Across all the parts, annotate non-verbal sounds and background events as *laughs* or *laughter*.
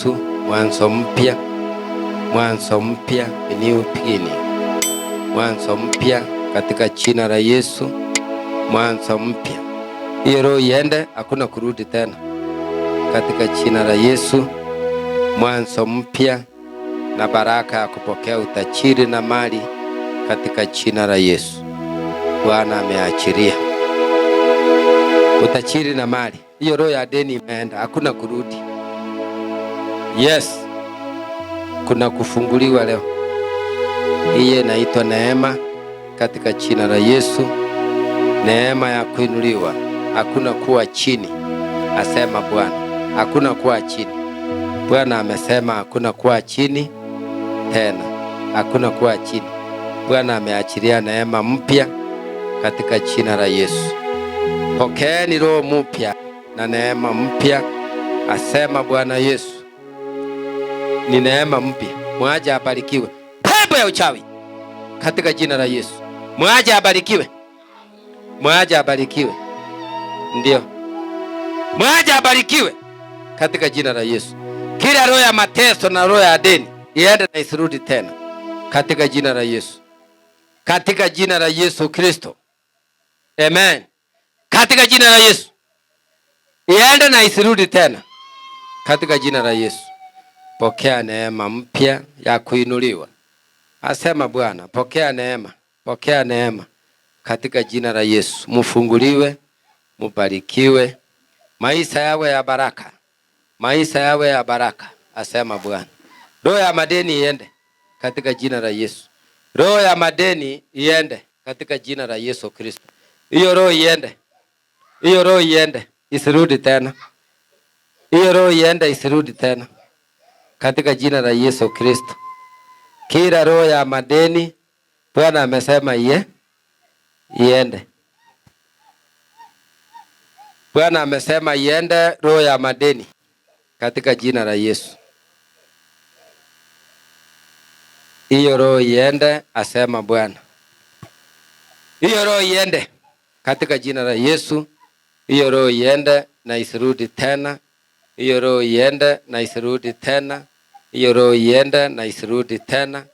Yesu, mwanzo mpya, mwanzo mpya, new beginning, mwanzo mpya katika jina la Yesu, mwanzo mpya. Hiyo roho iende, hakuna kurudi tena katika jina la Yesu, mwanzo mpya na baraka ya kupokea utajiri na mali katika jina la Yesu. Bwana ameachiria utajiri na mali. Hiyo roho ya deni imeenda, hakuna kurudi. Yes, kuna kufunguliwa leo. Hiye inaitwa neema katika jina la Yesu, neema ya kuinuliwa. Hakuna kuwa chini, asema Bwana, hakuna kuwa chini. Bwana amesema hakuna kuwa chini tena, hakuna kuwa chini. Bwana ameachilia neema mpya katika jina la Yesu. Pokeeni roho mpya na neema mpya, asema Bwana Yesu ni neema mpya. Mwaje abarikiwe. Pepo ya uchawi katika jina la Yesu. Mwaje abarikiwe. Mwaje abarikiwe. Ndio. Mwaje abarikiwe katika jina la Yesu. Kila roho ya mateso na roho ya deni iende na isirudi tena katika jina la Yesu. Katika jina la Yesu Kristo. Amen. Katika jina la Yesu. Iende na isirudi tena katika jina la Yesu pokea neema mpya ya kuinuliwa. Asema Bwana, pokea neema, pokea neema katika jina la Yesu. Mufunguliwe, mubarikiwe, maisha yawe ya baraka, maisha yawe ya baraka, asema Bwana. Roho ya madeni iende katika jina la Yesu. Roho ya madeni iende katika jina la Yesu Kristo. Hiyo roho iende, hiyo roho iende, isirudi tena. Hiyo roho iende, isirudi tena katika jina la Yesu Kristo. Kila roho ya madeni Bwana amesema iye iende. Bwana amesema iende roho ya madeni katika jina la Yesu. Hiyo roho iende, asema Bwana. Hiyo roho iende katika jina la Yesu. Hiyo roho iende na isirudi tena. Hiyo roho iende na isirudi tena hiyo roho iende na isirudi tena,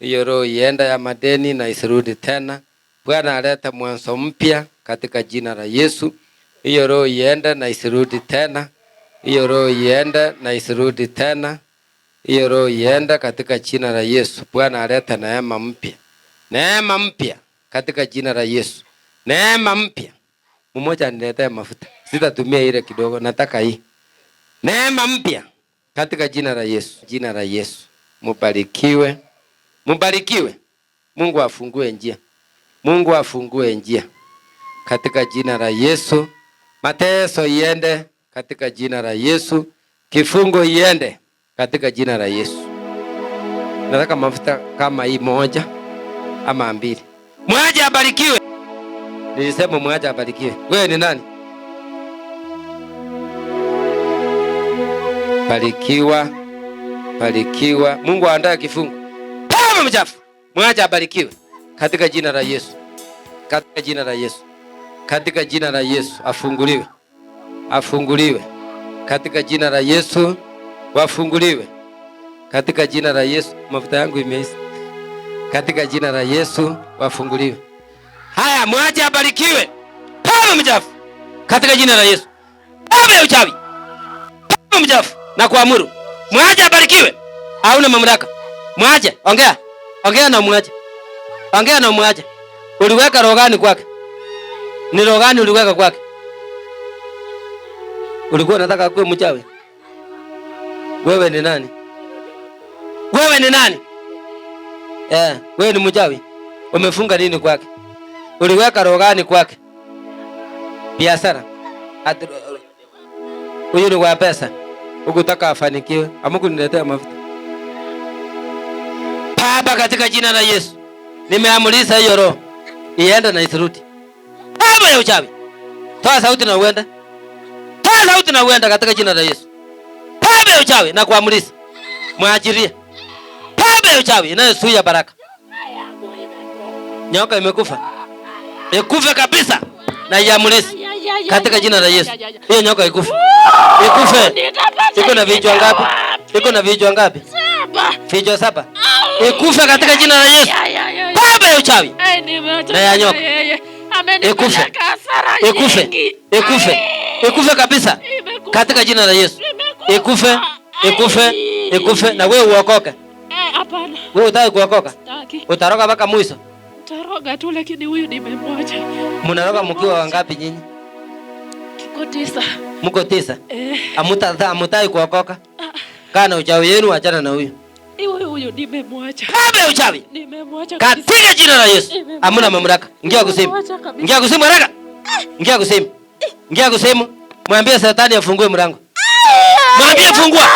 hiyo roho iende ya madeni na isirudi tena. Bwana alete mwanzo mpya katika jina la Yesu. Hiyo roho iende na isirudi tena, hiyo roho iende na isirudi tena, hiyo roho iende katika jina la Yesu. Bwana alete neema mpya, neema mpya katika jina la Yesu, neema mpya. Mmoja niletee mafuta, sitatumia ile kidogo, nataka hii neema mpya katika jina la Yesu, jina la Yesu. Mubarikiwe, mubarikiwe. Mungu afungue njia, Mungu afungue njia katika jina la Yesu. Mateso iende katika jina la Yesu, kifungo iende katika jina la Yesu. Nataka mafuta kama hii moja ama mbili. Mwaje abarikiwe. Nilisema mwaje abarikiwe. Wewe ni nani? Barikiwa, barikiwa. Mungu aandae kifungo. Pama mchafu. Mwacha abarikiwe katika jina la Yesu. Katika jina la Yesu. Katika jina la Yesu afunguliwe. Afunguliwe. Katika jina la Yesu wafunguliwe. Katika jina la Yesu mafuta yangu imeisha. Katika jina la Yesu wafunguliwe. Haya, mwache abarikiwe. Pama mchafu. Katika jina la Yesu. Pama uchawi. Pama mchafu na kuamuru. Mwaje abarikiwe. Hauna mamlaka. Mwaje, ongea. Ongea na mwaje. Ongea na mwaje. Uliweka rogani kwake. Ni rogani uliweka kwake. Ulikuwa unataka kuwe mchawi. Wewe ni nani? Wewe ni nani? Eh, yeah, wewe ni mchawi. Umefunga nini kwake? Uliweka rogani kwake. Biashara. Huyu ni wa pesa. Ukutaka afanikiwe, amuku niletea mafuta. Baba, katika jina la Yesu nimeamulisa hiyo roho iende na isiruti. Baba ya uchawi, toa sauti na uende, toa sauti na uende katika jina la Yesu. Baba ya uchawi na kuamulisa mwajiria. Baba ya uchawi inayosuia baraka, nyoka imekufa, ikufe kabisa na iamulisa katika jina la Yesu. Hiyo nyoka ikufe, ikufe. Iko na vichwa ngapi? Iko na vichwa ngapi? Saba. Vichwa saba. Ikufe katika jina la Yesu. Baba ya uchawi na ya nyoka ikufe, ikufe, ikufe, ikufe kabisa katika jina la Yesu. Ikufe, ikufe, ikufe. Na wewe uokoke. Hapana. Wewe utaki kuokoka? Utaroga mpaka mwisho? Utaroga tu, lakini huyu nimemwacha. Mnaroga mkiwa wangapi nyinyi? Muko tisa. Muko tisa. Eh. Amuta ah, dha amutai kuokoka. Ah. Kana uchawi yenu achana na huyo. Iwe huyo nimemwacha. Kabla uchawi. Nimemwacha. Katika jina la Yesu. Hamuna mamlaka. Ngia kusimu. Ngia kusimu haraka. Ngia kusimu. Ngia kusimu. Mwambie Satani afungue mlango. Mwambie fungua.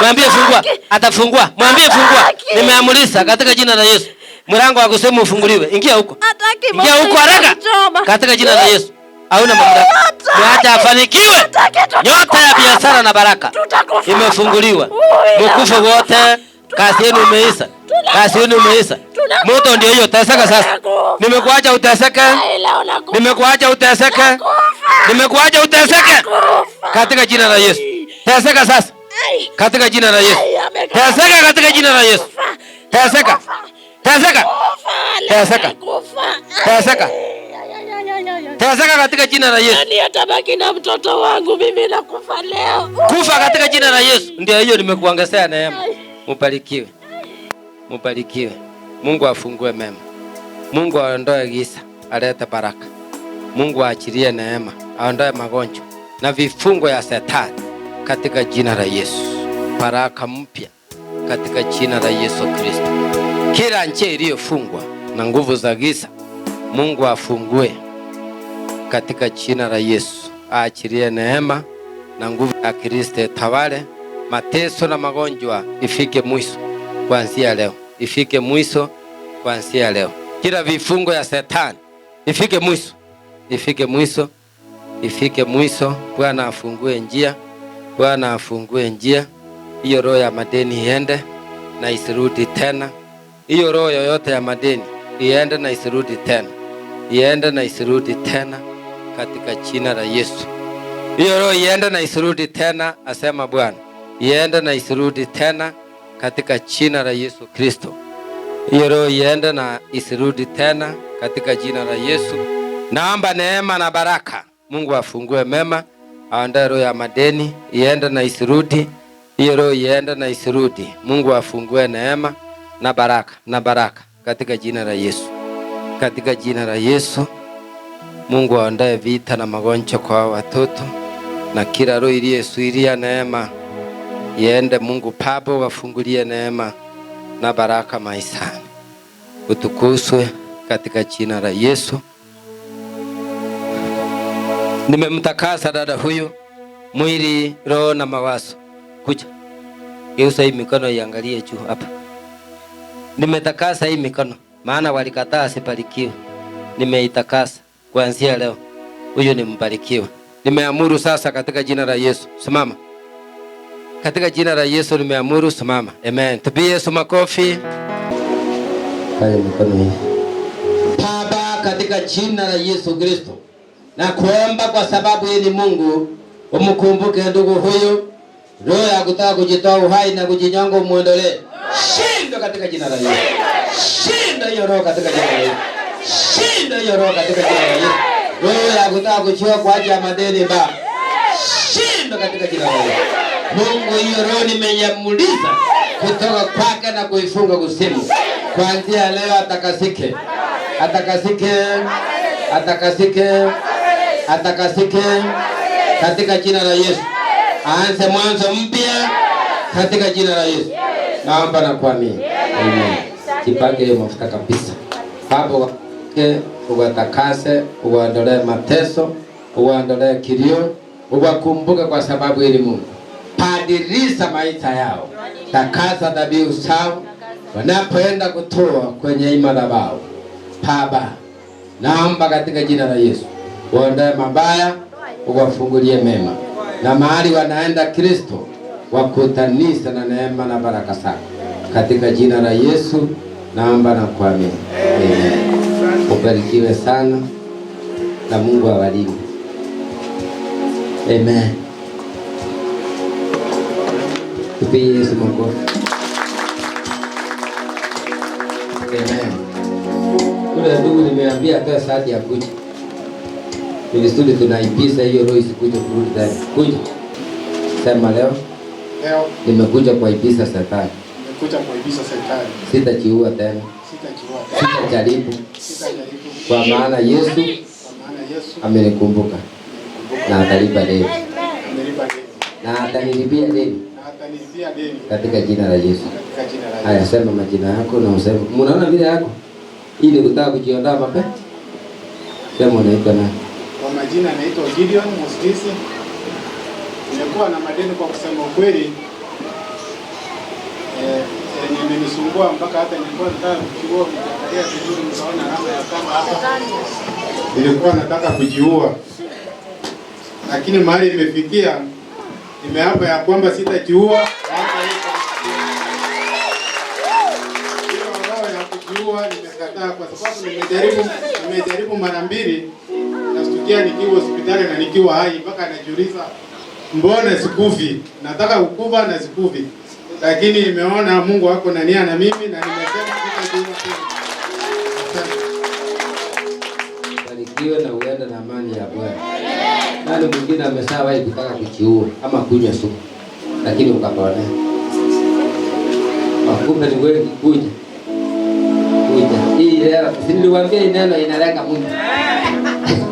Mwambie fungua. Atafungua. Mwambie fungua. Nimeamrisha katika jina la Yesu. Mlango wa kusimu ufunguliwe. Ingia huko. Ingia huko haraka. Katika jina la eh. Yesu hauna mamlaka. Nyota afanikiwe, nyota ya biashara na baraka imefunguliwa. mukufu wote, kazi yenu imeisha, kazi yenu imeisha. Moto ndio hiyo, teseka sasa. Nimekuacha uteseke, nimekuacha uteseke, nimekuacha uteseke katika jina la Yesu. Teseka sasa katika jina la Yesu. Teseka katika jina la Yesu. Teseka, teseka, teseka, teseka. Pezeka katika jina la Yesu. Nani atabaki na mtoto wangu mimi nakufa leo. Kufa katika jina la Yesu. Ndio hiyo nimekuongezea neema. Mubarikiwe. Mubarikiwe. Mungu afungue mema. Mungu aondoe giza, alete baraka. Mungu aachilie neema, aondoe magonjwa na vifungo ya Shetani katika jina la Yesu. Baraka mpya katika jina la Yesu Kristo. Kila njia iliyofungwa na nguvu za giza, Mungu afungue katika jina la Yesu. Aachilie neema na nguvu ya Kristo tawale. Mateso na magonjwa ifike mwisho kuanzia leo, ifike mwisho kuanzia leo. Kila vifungo ya Shetani ifike mwisho, ifike mwisho, ifike mwisho. Bwana afungue njia, Bwana afungue njia. Hiyo roho ya madeni iende na isirudi tena. Hiyo roho yoyote ya madeni iende na isirudi tena, iende na isirudi tena katika jina la Yesu. Hiyo roho iende na isirudi tena, asema Bwana, iende na isirudi tena katika jina la Yesu Kristo. Hiyo roho iende na isirudi tena katika jina la Yesu. Naomba neema na baraka, Mungu afungue mema, aandae roho ya madeni, iende na isirudi. Hiyo roho iende na isirudi. Mungu afungue neema na baraka na baraka katika jina la Yesu, katika jina la Yesu. Mungu aondoe vita na magonjwa kwa watoto na kila roho iliyesuilia neema iende. Mungu papo wafungulie neema na baraka maishani, utukuzwe katika jina la Yesu. Nimemtakasa dada huyu mwili, roho na mawazo. Kuja geuza hii mikono iangalie juu hapa. Nimetakasa hii mikono, maana walikataa asibarikiwe. Nimeitakasa kuanzia leo huyu ni mbarikiwa. Nimeamuru sasa katika jina la Yesu, simama. Katika jina la Yesu nimeamuru, simama. Amen. Tupie Yesu makofi. Hayo mikono. Baba, katika jina la Yesu Kristo na kuomba kwa sababu yeye ni Mungu, umkumbuke ndugu huyu, roho ya kutaka kujitoa uhai na kujinyonga, umuondolee. Shinda katika jina la Yesu. Shinda hiyo roho katika jina la Yesu. Shinda hiyo roho katika jina la Yesu. Wewe unataka kuchua kwa ajili ya madeni ba. Shinda katika jina la Yesu. Mungu, hiyo roho nimenyamuliza kutoka kwake na kuifunga kusimu. Kuanzia leo atakasike. Atakasike. Atakasike. Atakasike. Katika jina la Yesu. Aanze mwanzo mpya katika jina la Yesu. Naomba na kuamini. Amen. Kipake mafuta kabisa. Hapo uwabariki, uwatakase, uwaondolee mateso, uwaondolee kilio, uwakumbuke kwa sababu ili Mungu. Badilisha maisha yao, takasa dhabihu zao wanapoenda kutoa kwenye ima madhabahu. Baba, naomba katika jina la Yesu uondoe mabaya, uwafungulie mema, na mahali wanaenda Kristo wakutanisa na neema na baraka zako katika jina la Yesu naomba na kuamini. Amen. Ubarikiwe sana na Mungu awalinde. Amen. Tupige Yesu makofi. Amen. ndugu nimeambia hata saa ya kuja ni vizuri, tunaipisa hiyo roho isikuje kurudi ndani. Kuja sema leo, nimekuja kuipisa Satani kuja kuibiza serikali. Sitakiua tena, sitajaribu, kwa maana Yesu amenikumbuka na atalipa deni Amenilipa deni. na atanilipia deni katika jina la Yesu. Haya, sema majina yako na useme, munaona vile yako ili kutaka kujiondoa mapema. Sema unaitwa nani? Kwa majina naitwa Gideon Musdisi. Nimekuwa na madeni kwa kusema ukweli imenisumbua mpaka hata nilikuwa nataka kujiua, nikaangalia vizuri, nikaona namna ya kama hapa nilikuwa nataka kujiua, lakini mahali imefikia, nimeapa ya kwamba sitajiua kujiua nimekataa, kwa sababu nimejaribu nimejaribu mara mbili, nastukia nikiwa hospitali na nikiwa hai, mpaka anajiuliza mbona sikufi. Nataka kukufa na sikufi lakini nimeona Mungu wako na nia na mimi na nimesema barikiwe na uende na amani ya Bwana. Nani mwingine ameshawahi kutaka kujiua ama kunywa sumu, lakini ukapona? Wakumbe ni wengi kuja kuja hii leo, niliwaambia neno inaleka Mungu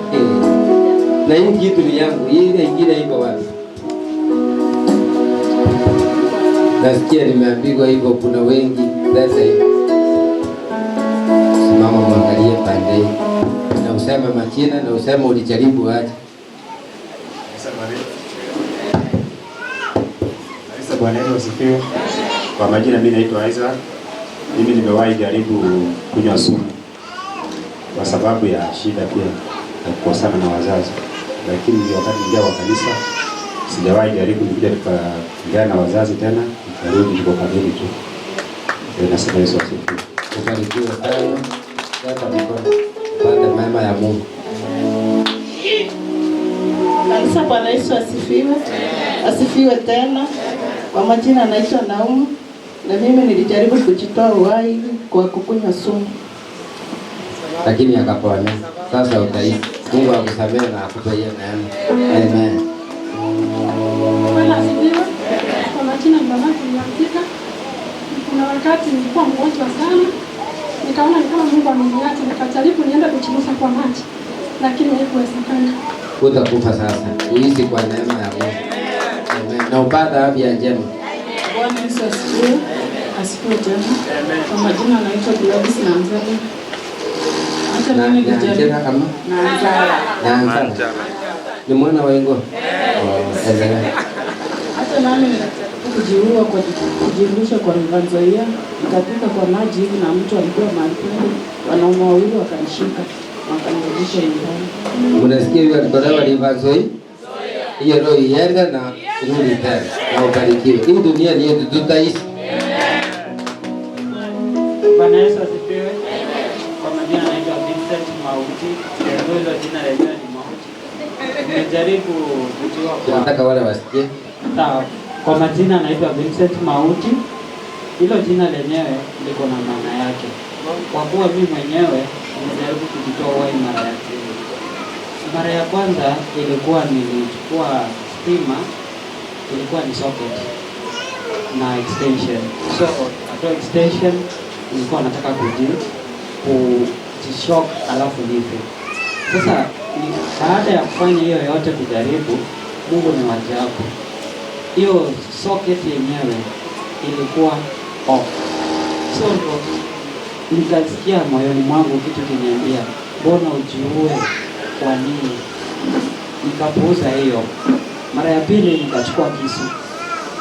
*laughs* na hii kitu ni yangu, hii ingine iko wapi? nasikia nimeambiwa hivyo. Kuna wengi sasa simama mwangalie pande na usema machina na useme ulijaribu aje Bwana Yesu asifiwe. Kwa majina mimi naitwa aisa Mimi nimewahi jaribu kunywa sumu kwa sababu ya shida pia na kukosana na wazazi, lakini wakati nijao kanisa sijawahi jaribu, nilikuja tukapigana na wazazi tena Ndugu kamili tu nasema ubarikiwe sana, mikono, mema ya Mungu Bwana Yesu asifiwe, asifiwe tena. Kwa majina anaitwa naumu na mimi nilijaribu kujitoa uhai kwa kukunywa sumu, lakini akapona. Sasa utaishi. Mungu akusamehe na akupe neema. Amen. nilianzika. Kuna wakati nilikuwa mgonjwa sana, nikaona ni kama Mungu ameniacha, nikajaribu niende kuchimusa kwa maji, lakini haikuwezekana. Utakufa sasa, uishi kwa neema ya Mungu. Na upata afya njema. Bwana Yesu asifiwe. Asifiwe tena. Kwa majina anaitwa Gladys na Mzali. Hata mimi nijaribu. Na Mzali. Ni mwana wa Ingo. Oh, Hata nami nijaribu kujiua kwa kujirudisha kwa mganzaia ikapika kwa maji hivi, na mtu alikuwa mahali, wanaume wawili wakanishika wakanirudisha nyumbani. Unasikia hiyo alikolewa livanzoi hiyo ndio iende na kurudi tena na ubarikiwe. Hii dunia ni yetu, tutaishi. Bwana Yesu asifiwe. Kwa majina anaitwa Vincent Mauti, ndio jina lenyewe ni Mauti. Nimejaribu kujua, kwa nataka wale wasikie sawa kwa majina anaitwa Vincent Mauti. Hilo jina lenyewe liko na maana yake, kwa kuwa mimi mwenyewe nimejaribu kujitoa uhai mara ya pili. Mara ya kwanza ilikuwa nilichukua stima, ilikuwa ni socket na extension. So atoa extension nilikuwa nataka kuji kujishock alafu nife. Sasa baada ya kufanya hiyo yote kujaribu, Mungu ni wajabu hiyo socket yenyewe ilikuwa off. So nikasikia moyoni mwangu kitu kiniambia, mbona ujiue? Kwa nini? Nikapuuza hiyo. Mara ya pili nikachukua kisu,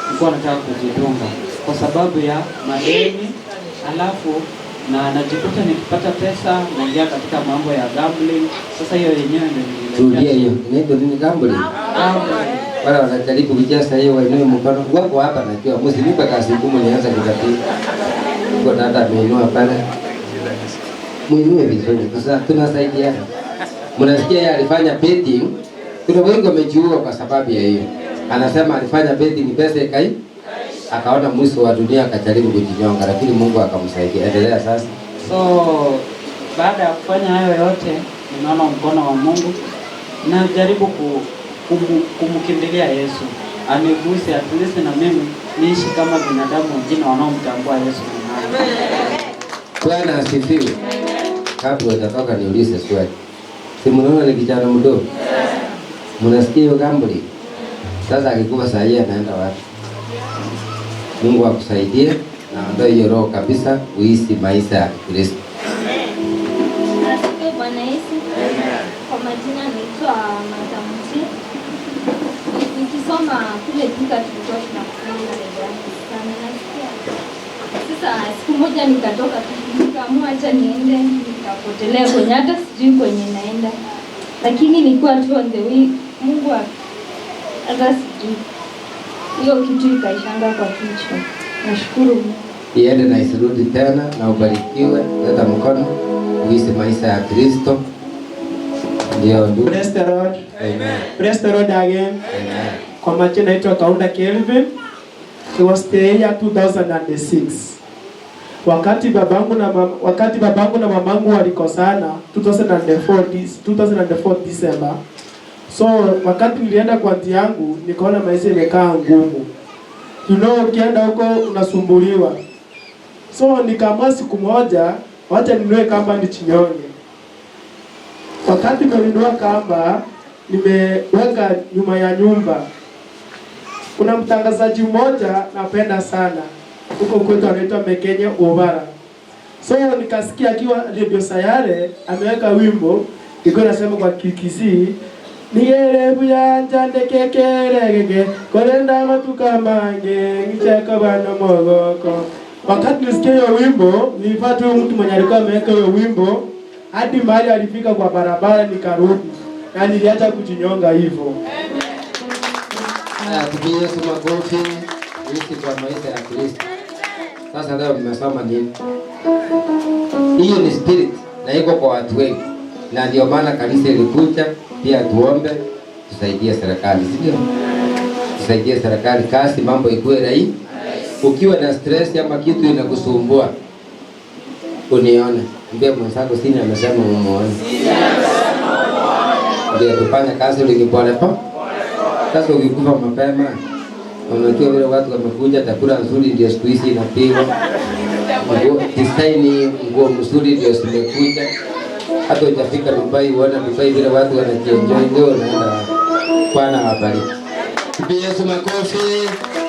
nilikuwa nataka kujidunga kwa sababu ya madeni, alafu na najikuta nikipata pesa naingia katika mambo ya gambling. Sasa hiyo yenyewe ndio hiyo, ni gambling wala wanajaribu kujaza hiyo wainue mkono wako hapa, na najua msinipe kazi ngumu nianze kutafuta kwa dada ameinua pale, muinue vizuri, kwa sababu tunasaidiana. Mnasikia yeye alifanya betting, kuna wengi wamejiua kwa sababu ya hiyo. Anasema alifanya betting, pesa ikai, akaona mwisho wa dunia, akajaribu kujinyonga, lakini Mungu akamsaidia. Endelea sasa. So baada ya kufanya hayo yote, ninaona mkono wa Mungu na jaribu ku kumkimbilia Yesu aniguse at least na mimi niishi kama binadamu wengine wanaomtambua Yesu. Bwana asifiwe. Kabla nataka niulize swali, si mnaona ni kijana mdogo, mnasikia hiyo gambuli? Sasa akikuwa sahihi anaenda wapi? Mungu akusaidie na ondoe hiyo roho kabisa, uishi maisha ya Kristo. moja nikatoka, nikaamua acha niende, nikapotelea kwenye hata sijui kwenye naenda, lakini nilikuwa tu on the way. Mungu hata sijui hiyo kitu ikaishanga kwa kichwa. Nashukuru Mungu. Iende na isirudi tena, na ubarikiwe. Leta mkono uishi maisha ya Kristo. Ndio ndugu. Praise the Lord. Amen. Praise the Lord again. Amen. Kwa majina naitwa Kaunda Kelvin. It was the year 2006 wakati babangu na mama, wakati babangu na mamangu walikosana 2004 2004 December. So wakati nilienda kwa aunti yangu nikaona maisha imekaa ngumu, you know, ukienda huko unasumbuliwa. So nikaamua siku moja, wacha ninue kamba nichinyonge. Wakati nilinua kamba, nimeweka nyuma ya nyumba. Kuna mtangazaji mmoja napenda sana huko kwetu anaitwa Mekenye Ubara. So nikasikia akiwa Radio Sayare ameweka wimbo iko nasema kwa buya nigerebu yanja kolenda matuka mange ngicheka bana mogoko. Wakati nisikia hiyo wimbo nilipata huyo mtu mwenye alikuwa ameweka hiyo wimbo, hadi mahali alifika kwa barabara nikarudi na yaani, niliacha kujinyonga hivyo. Amen. Haya, tupige Yesu makofi. Ishi kwa maisha ya Kristo. Sasa leo nimesoma nini? Hiyo ni spirit na iko kwa watu wengi, na ndio maana kanisa ilikuja pia. Tuombe tusaidie serikali, sio tusaidie serikali kasi, mambo ikuwe rahisi. Ukiwa na stress ama kitu inakusumbua, unione, mbie mwenzako sini amesema umuone, ndio tufanye kazi lingipoleko. Sasa ukikufa mapema wanakia vile watu wamekuja, chakula nzuri ndio siku hizi inapigwa kistaini nguo mzuri ndio zimekuja. Hata ujafika Dubai uona Dubai vile watu wanajienjoy, ndio naenda. kwana habari Yesu makofi.